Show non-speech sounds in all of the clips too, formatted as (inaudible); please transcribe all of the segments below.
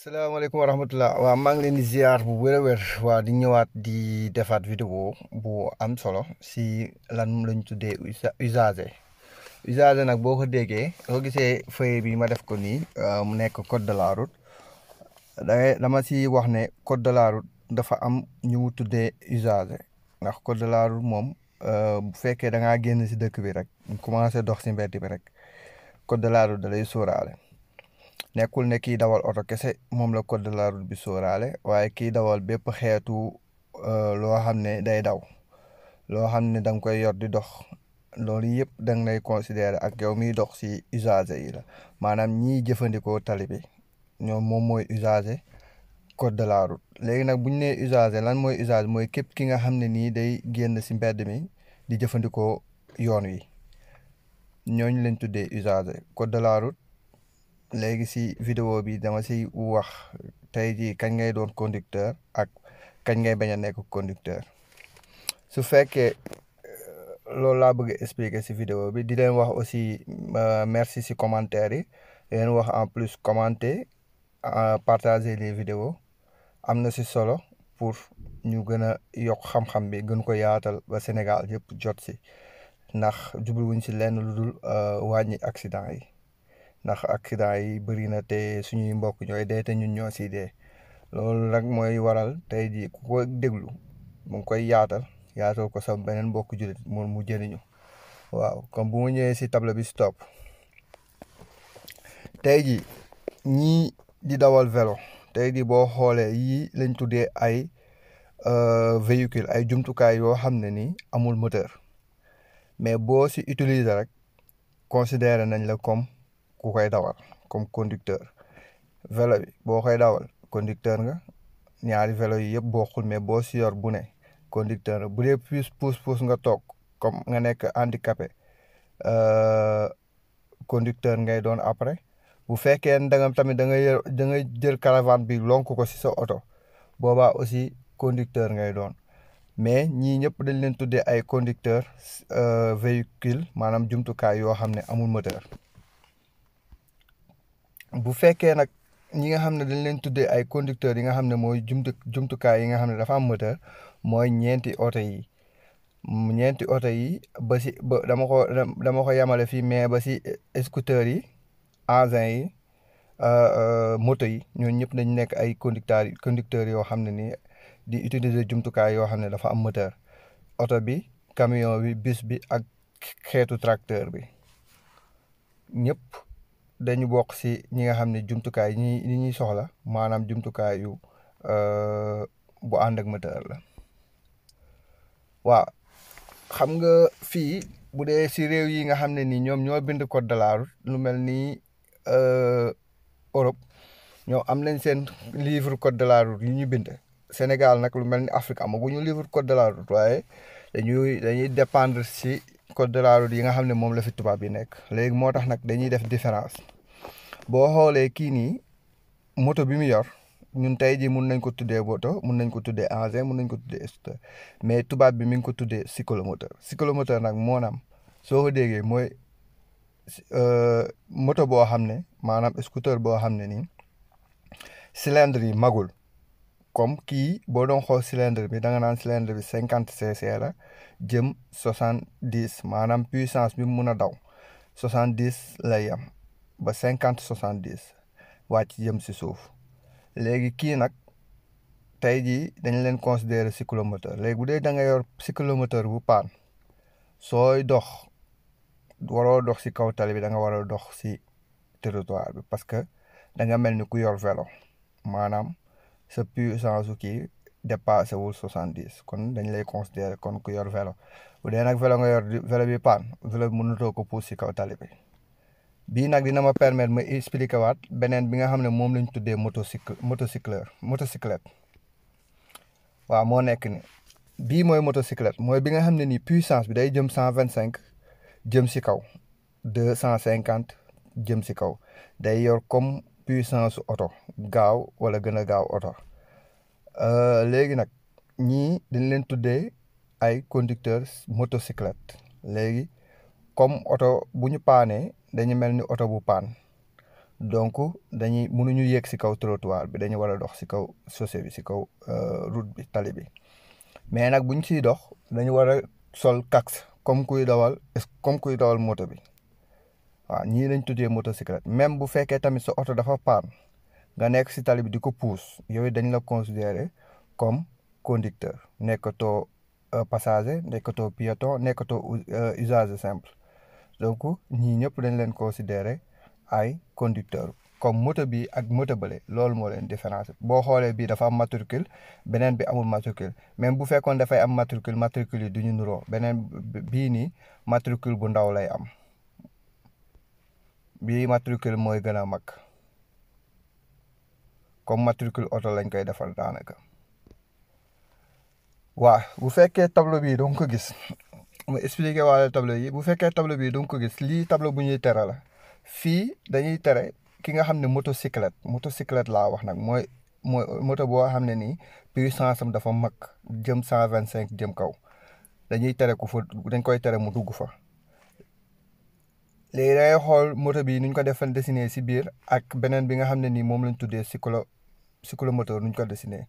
salaamaaleykum wa rahmatulah waa maa ngi leen di bu wér a wér waa di ñëwaat di defaat vidéo bu am solo si lan lañ tuddee usager usager nag boo ko déggee soo gisee feuille bi ma def ko nii mu nekk code de la da dama si wax ne code de la dafa am ñu mu tuddee usager ndax code de la moom euh, bu fekkee da ngaa génn si dëkk bi rek commencé dox si mbedd bi rek code de la route da lay sóoraale. nekkul ne kii dawal oto kese moom la code de la route bi sooraale waaye kii dawal bépp xeetu euh, loo xam ne day daw loo xam ne da koy yor di dox loolu yëpp da nga lay considérer ak yow miy dox si usager yi la maanaam ñiy jëfandikoo tali bi ñoom moom mooy usager code de la route léegi nag buñ ne nee usager mooy usager mooy képp ki nga xam ne nii day génn si mbedd mi di jëfandikoo yoon wi ñooñu leen tuddee usager code de la léegi si vidéo bi dama si wax tey jii kañ ngay doon conducteur ak kañ ngay bañ a nekk conducteur su fekkee euh, loolu laa bëgg expliquer si vidéo bi di leen wax aussi euh, merci si commentaire yi di leen wax en plus commenter euh, partager les vidéo am na si solo pour ñu gën a yokk xam-xam bi gën ko yaatal ba Sénégal yëpp jot si ndax jubluwuñ si lenn lu dul wàññi accident yi. ndax accident yi bëri na te suñuy mbokk ñooy dee te ñun ñoo si dee loolu nag mooy waral tey jii ku ko déglu mu ngi koy yaatal yaatal ko sa beneen mbokk jullit moom mu jëriñu waaw comme bu ma ñëwee si table bi stop tey jii ñii di dawal vélo tey jii boo xoolee yi lañ tuddee ay euh, véhicule ay jumtukaay yoo xam ne nii amul moteur mais bo si utiliser rek considéré nañ la comme. ku koy dawal comme conducteur vélo bi boo koy dawal conducteur nga ñaari velo yi yëpp boo mais boo si yor bu ne conducteur nga bu dee puus puus puus nga toog comme nga nekk handicapé euh, conducteur ngay doon après bu fekkee da tamit danga da ngay jël caravane bi lonk ko si sa oto boobaa aussi conducteur ngay doon mais ñii ñëpp dañ leen tuddee ay conducteur euh, véhicule maanaam jumtukaay yoo xam ne amul moteur bu fekkee nag ñi nga xam ne dañ leen tuddee ay conducteurs yi nga xam ne mooy jumtu jumtukaay yi nga xam ne dafa am moteur mooy ñeenti oto yi ñeenti oto yi ba si dama ko dama ko yemale fii mais ba si scooters yi engins yi euh, euh, moto yi ñooñu ñëpp dañ nekk ay conducteurs conducteurs yoo xam ne nii di utiliser jumtukaay yoo xam ne dafa am moteur oto bi camion bi bus bi ak xeetu tracteur bi ñëpp. dañu bokk si ñi nga xam ne jumtukaay ñi ñi ñuy soxla maanaam jumtukaay yu euh, bu ànd ak moteur la waaw xam nga fii bu dee si réew yi nga xam ne ni ñoom ñoo bind code de la route lu mel ni euh, Europe ñoom am nañ seen livre code de la route yu ñu bind Sénégal nag lu mel ni Afrique ñu livre code de la route waaye dañuy dañuy dépendre si code de la route yi nga xam ne moom la fi tubaab yi nekk léegi moo tax nag dañuy def différence boo xoolee kii nii moto bi mu yor ñun tey jii mun nañ ko tuddee moto mun nañ ko tuddee engin mun nañ ko tuddee scooter mais tubaab bi mi ngi ko tuddee cyclomoteur cyclomoteur nag moo naam soo ko déggee mooy euh, moto boo xam ne maanaam scooter boo xam ne nii cylindre yi magul comme kii boo doon xool cylindre bi da nga naan cylindre bi cinquante cc la jëm soixante dix maanaam puissance bi mun a daw soixante dix lay am ba cinquante soixante dix wàcc jëm si suuf léegi kii nag tey jii dañ leen considérer cyclomoteur léegi bu dee da nga yor cyclomoteur bu paan sooy dox waroo dox si kaw tali bi da nga war a dox si territoire bi parce que da nga mel ni ku yor velo maanaam. sa puissance su kii dépassé wul soixante dix kon dañ lay considéré kon ku yor vélo bu dee nag vélo nga yor vélo bi paan vélo bi mënutoo ko pousse si kaw tali bi bii nag dina ma permettre ma expliqué waat beneen bi nga xam ne moom lañ tuddee motocycle motocycleur motocyclette waaw moo nekk ni bii mooy motocyclette mooy bi nga xam ne nii puissance bi day jëm cent vingt cinq jëm si kaw deux cent cinquante jëm si kaw day yor comme puissance su oto gaaw wala gën a gaaw oto euh, léegi nag ñii dañ leen tuddee ay conducteurs motocyclette léegi comme oto bu ñu paanee dañu mel ni oto bu paan donc dañuy mënuñu yéeg si kaw trottoir bi dañu war a dox si kaw chaussée bi si kaw euh, route bi tali bi mais nag bu ñu siy dox dañu war a sol casque comme kuy dawal comme kuy dawal moto bi. waaw ñii lañ tuddee motocyclette même bu fekkee tamit sa oto dafa paan nga nekk si tali bi di ko puus yooyu dañu la considérer comme conducteur nekkatoo euh, passager nekkatoo piéton nekkatoo euh, usager simple donc ñii ñëpp dañ leen considérer ay conducteur comme moto bi ak moto bële loolu moo leen différence boo xoolee bii dafa am matricule beneen bi amul matricule même bu fekkoon dafay am matricule matricule yi du ñu nuroo beneen bii nii matricule bu ndaw lay am bi matricule mooy gën a mag comme matricule oto lañ koy defal daanaka waa bu fekkee tableau bii dong ko gis li expliqué waale tableau yi bu fekkee tableau bii dong ko gis lii tableau bu ñuy tere la fii dañuy tere ki nga xam ne motocyclette motocyclette laa wax nag mooy mooy moto boo xam ne ni nii puissance am dafa mag jëm cent vingt cinq jëm kaw dañuy tere ku fa dañ koy tere mu dugg fa léegi da ngay xool moto bi nuñ ko defal dessiné si biir ak beneen bi nga xam ne nii moom lañ tuddee moto cyclomoteur nuñ ko dessiné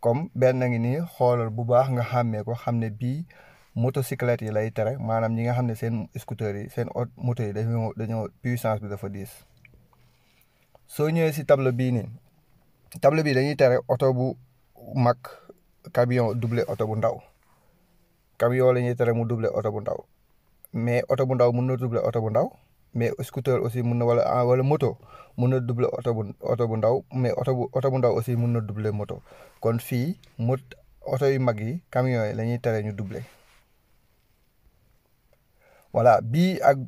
comme benn ngi nii xoolal bu baax nga xàmmee ko xam ne bii motocyclette yi lay tere maanaam ñi nga xam ne seen scooter yi seen moto yi dañoo dañoo puissance bi dafa diis soo ñëwee si table bii nii table bi dañuy tere oto bu mag camion double oto bu ndaw camion la ñuy tere mu double oto bu ndaw mais oto bu ndaw mun na doubler oto bu ndaw mais scooter aussi mun na wala ah, wala moto mun na doubler oto bu oto bu ndaw mais oto bu oto bu ndaw aussi mun na doubler moto kon fii mot oto yu mag yi camions yi la ñuy tere ñu doubler voilà bii ak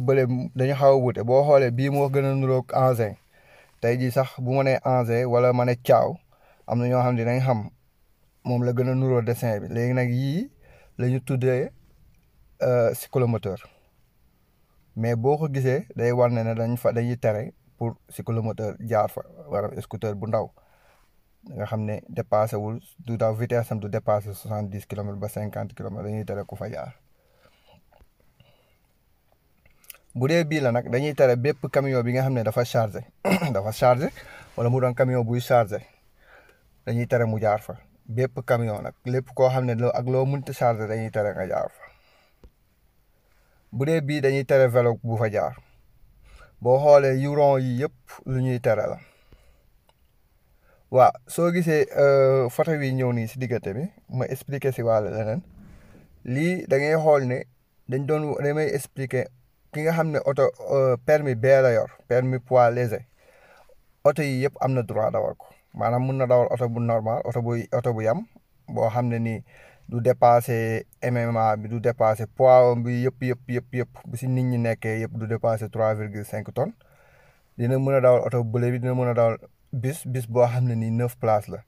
bële dañu xaw a wute boo xoolee bii moo gën a nuroog engin tey jii sax bu ma nee wala ma ne caaw am na ñoo xam ne dinañ xam moom la gën a nuroo dessin bi léegi nag yii lañu ñu cyclomoteur euh, mais boo ko gisee day war ne ne dañ fa dañuy tere pour cyclomoteur jaar fa wala scooter bu ndaw nga xam ne dépassé wul du daw vitesse am du dépassé soixante dix kilomètres ba cinquante kilomètres dañuy tere ku fa jaar. bu dee bii la nag dañuy tere bépp camion bi nga xam ne dafa chargé (coughs) dafa chargé wala mu doon camion buy chargé dañuy tere mu jaar fa bépp camion nag lépp koo xam ne loo ak loo mënti chargé dañuy tere nga jaar fa. bu dee bii dañuy tere vélo bu fa jaar boo xoolee yuron rond yi yëpp lu ñuy tere la waaw soo gisee euh, photo yi ñëw ni si diggante bi ma expliquer si wàll leneen lii da ngay xool ne dañ doon damay expliquer ki nga xam ne oto euh, permis B la yor permis poids léger oto yi yëpp am na droit dawal ko maanaam mun na dawal oto bu normal oto bu oto bu yam boo xam ne nii du dépassé MMA bi du dépassé poids bi yëpp yëpp yëpp yëpp bu si nit ñi nekkee yëpp du dépassé trois virgule cinq tonnes dina mun a dawal oto bële bi dina mën a dawal bis bis boo xam ne nii neuf places la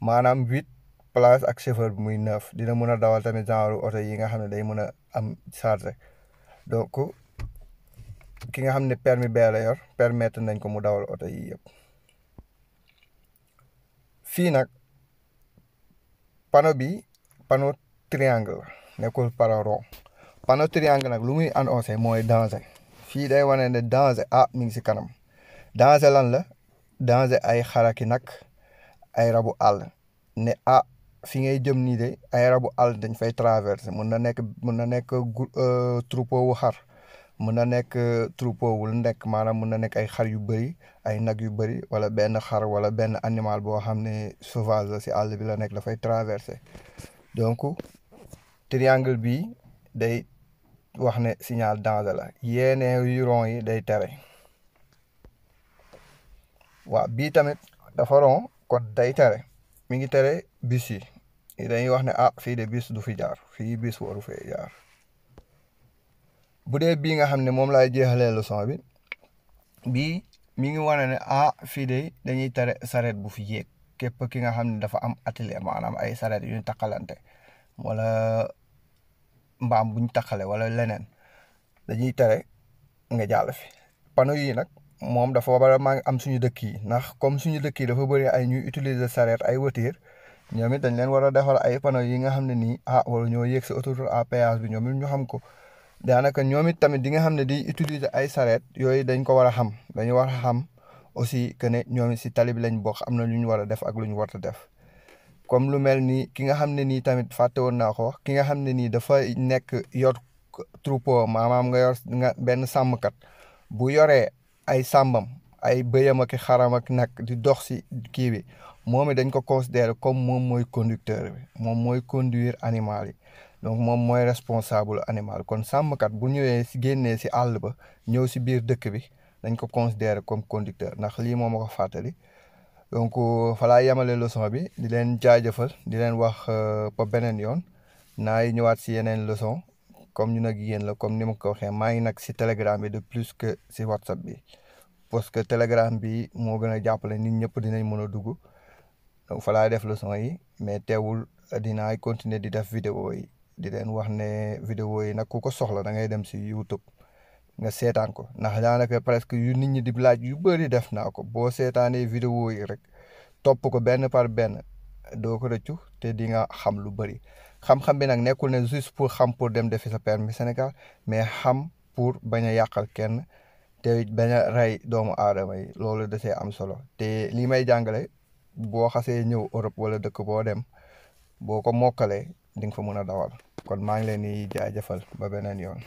maanaam huit place ak chauffeur bi muy neuf dina mën a dawal tamit genre oto yi nga xam ne day mën a am charge donc ki nga xam ne permis B la yor permettre nañ ko mu dawal oto yi yëpp fii nag panneau bi. panneau triangle nekkul panneau rond panneau triangle nag lu muy annoncé mooy danger fii day wane ne danger ah mi ngi si kanam danger lan la danger ay xaraki nag ay rabu àll ne ah fi ngay jëm nii de ay rabu àll dañ fay traversé mun na nekk mun na nekk euh, troupeau wu xar mun na nekk euh, troupeau wu nekk maanaam mun na nekk ay xar yu bëri ay nag yu bëri wala benn xar wala benn animal boo xam ne sauvage la si àll bi la nekk dafay traversé donc triangle bi day wax ne signal danger la yeneen rond yi day tere waaw bii tamit dafa rond day tere mi ngi tere bis dañuy wax ne ah fii de bis du fi jaar fii bis waru fee bu dee bii nga xam ne moom laay jeexalee leçon bi bii mi ngi wane ne ah fii de dañuy tere saret bu fi képp ki nga xam ne dafa am atelier am ay sareet yu ñu takkalante wala mbaam bu ñu takkale wala leneen dañuy tere nga jàll fi panneau yi nag moom dafa war a maa ngi am suñu dëkk yi ndax comme suñu dëkk yi dafa bëri ay ñu utiliser sareet ay voiture ñoom it dañ leen war a defal ay panneau yi nga xam ne nii ah wala ñoo yéeg si autoroute à péage bi ñoom it ñu xam ko daanaka ñoom it tamit di nga xam ne di utiliser ay sareet yooyu dañ ko war a xam dañu war a xam aussi que ne ñoom si tali bi lañ bokk am na lu ñu war a def ak lu ñu warta def comme lu mel ni ki nga xam ne nii tamit fàtte woon naa ko ki nga xam ne nii dafa nekk yor troupeau maanaam nga benn sàmmkat bu yoree ay sàmbam ay bëyam ak xaram ak nag di dox si kii bi moom dañ ko considérer comme moom mooy conducteur bi moom mooy conduire animal donc moom mooy responsable animal kon sàmmkat bu ñëwee si génnee si àll ba ñëw si biir dëkk bi dañ ko considérer comme conducteur ndax lii moom ma ko fàttali donc euh, falaa yemale leçon bi di leen jaajëfal di leen wax euh, ba beneen yoon naay ñëwaat si yeneen leçon comme ñu nag yéen la comme ni ma ko waxee maa ngi nag si telegram bi de plus que si whatsapp bi parce que telegram bi moo gën a jàppale nit ñëpp dinañ mën a dugg falaa def leçon yi mais teewul dinaay continuer di def vidéo yi di leen wax ne vidéo yi nag ku ko soxla da ngay dem si YouTube nga seetaan ko ndax daanaka presque yu nit ñi di laaj yu bëri def naa ko boo seetaanee vidéo yi rek topp ko benn par benn doo ko rëccu te di nga xam lu bëri xam-xam bi nag nekkul ne juste pour xam pour dem defi sa permis Sénégal mais xam pour bañ a yàqal kenn te bañ a rey doomu aadama yi loolu da see am solo te lii may jàngale boo xasee ñëw Europe wala dëkk boo dem boo ko mokkalee di nga fa mën a dawal kon maa ngi leen di jaajëfal ba beneen yoon.